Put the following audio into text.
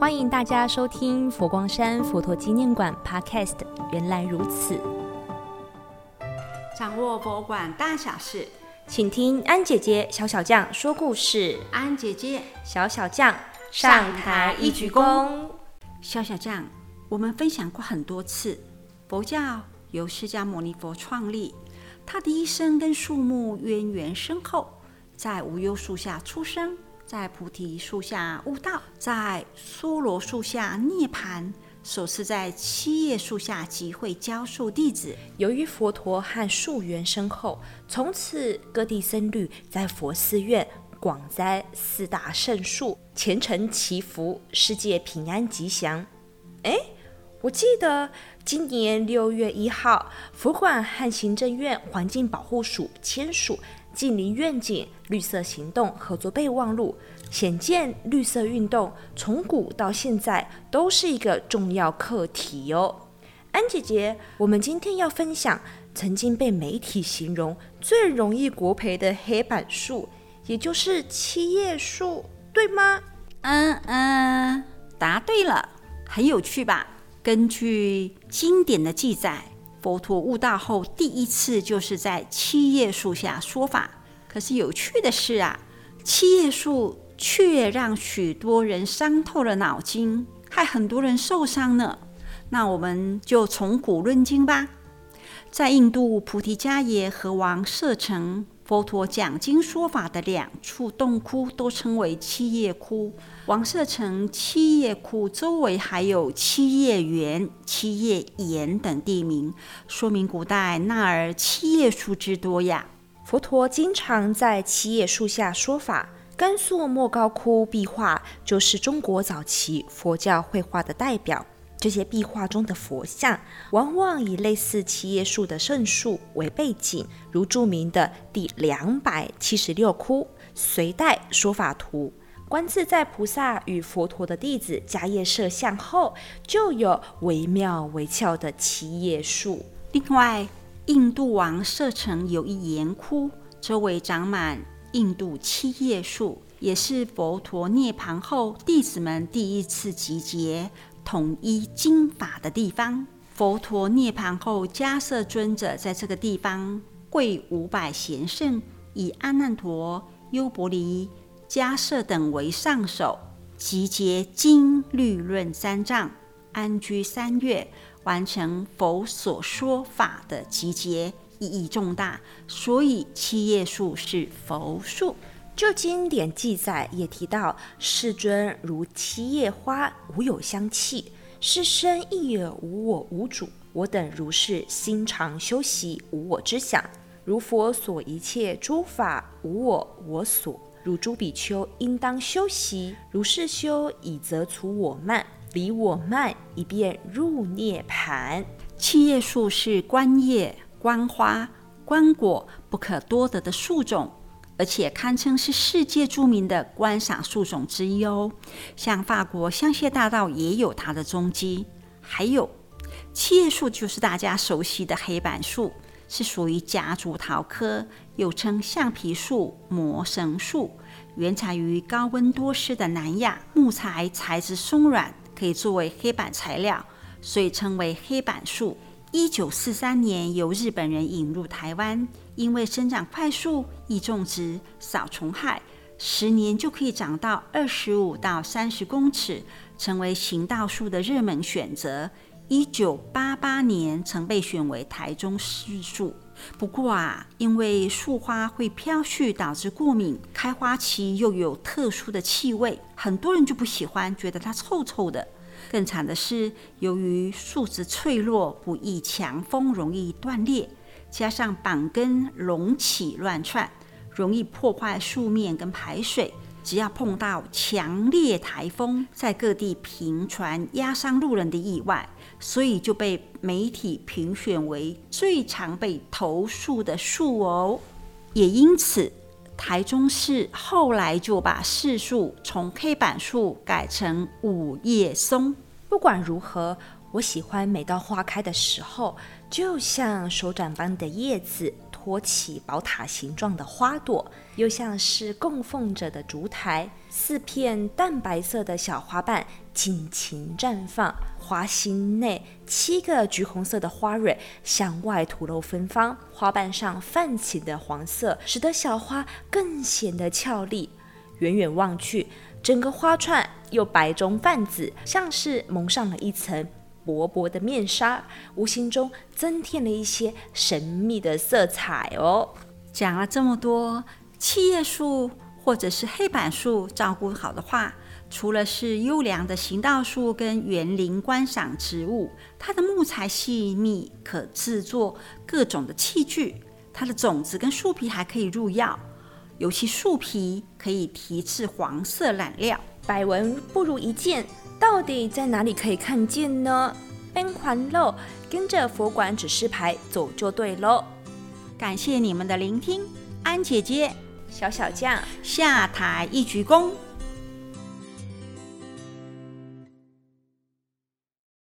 歡迎大家收聽佛光山佛陀紀念館 Podcast《原來如此》，掌握博物館大小事，請聽安姐姐小小將說故事。安姐姐，小小將上台一鞠躬。小小將，我們分享過很多次，佛教由釋迦牟尼佛創立，他的一生跟樹木淵源深厚，在無憂樹下出生。在菩提樹下悟道，在娑羅樹下涅槃，首次在七葉樹下集會教授弟子。由於佛陀和樹緣深厚，從此各地僧侶在佛寺院廣栽四大聖樹，虔誠祈福，世界平安吉祥。誒，我記得今年六月一號，佛光山和行政院環境保護署簽署。近鄰願景、綠色行動合作備忘錄，顯見綠色運動從古到現在都是一個重要課題喲、哦。安姐姐，我們今天要分享曾經被媒體形容最容易國賠的黑板樹，也就是七葉樹，對嗎？嗯嗯，答對了，很有趣吧？根據經典的記載。佛陀悟道後，第一次就是在七葉樹下說法。可是有趣的是啊，七葉樹卻讓許多人傷透了腦筋，害很多人受傷呢。那我們就從古論今吧，在印度，菩提迦耶和王舍城。佛陀講經說法的兩處洞窟都稱為七葉窟。王舍城七葉窟周圍還有七葉園、七葉岩等地名，說明古代那兒七葉樹之多呀。佛陀經常在七葉樹下說法。甘肅莫高窟壁畫就是中國早期佛教繪畫的代表。這些壁畫中的佛像，往往以類似七葉樹的聖樹為背景，如著名的第兩百七十六窟隋代說法圖，觀自在菩薩與佛陀的弟子迦葉攝像後，就有惟妙惟肖的七葉樹。另外，印度王舍城有一岩窟，周圍長滿印度七葉樹，也是佛陀涅槃後弟子們第一次集結，統一經法的地方。佛陀涅槃後，迦葉尊者在這個地方會五百賢聖，以阿難陀、優婆離、迦葉等為上首，集結經律論三藏，安居三月，完成佛所說法的集結，意義重大。所以七葉樹是佛樹。就經典記載也提到，世尊如七葉花，無有香氣；是身亦爾，無我無主。我等如是心常修習無我之想，如佛所一切諸法無我我所，如諸比丘應當修習如是修，以則除我慢，離我慢，以便入涅槃。七葉樹是觀葉、觀花、觀果不可多得的樹種。而且堪稱是世界著名的觀賞樹種之一哦。像法國香榭大道也有它的蹤跡。還有七葉樹，就是大家熟悉的黑板樹，是屬於夾竹桃科，又稱橡皮樹、魔神樹，原產於高溫多濕的南亞，木材材質鬆軟，可以作為黑板材料，所以稱為黑板樹。一九四三年由日本人引入台灣，因為生長快速、易種植、少蟲害，十年就可以長到二十五到三十公尺，成為行道樹的熱門選擇。一九八八年曾被選為台中市樹，不過啊，因為樹花會飄絮導致過敏，開花期又有特殊的氣味，很多人就不喜歡，覺得它臭臭的。更慘的是，由於樹枝脆弱，不易強風，容易斷裂，加上板根隆起亂竄，容易破壞樹面跟排水，只要碰到強烈颱風，在各地頻傳壓傷路人的意外，所以就被媒體評選為最常被投訴的樹哦。也因此。台中市後來就把市樹從黑板樹改成五葉松。不管如何，我喜歡每到花開的時候，就像手掌般的葉子。托起寶塔形狀的花朵，又像是供奉着的燭台。四片淡白色的小花瓣盡情綻放，花心內七個橘紅色的花蕊向外吐露芬芳。花瓣上泛起的黃色，使得小花更顯得俏麗。遠遠望去，整個花串又白中泛紫，像是蒙上了一層。薄薄的面紗，無形中增添了一些神秘的色彩哦。講了這麼多，七葉樹或者是黑板樹照顧好的話，除了是優良的行道樹跟園林觀賞植物，它的木材細密，可制作各種的器具；它的種子跟樹皮還可以入藥，尤其樹皮可以提制黃色染料。百聞不如一見。到底在哪裡可以看見呢？奔環嘍，跟着佛館指示牌走就對嘍。感謝你們的聆聽，安姐姐，小小將下台一鞠躬。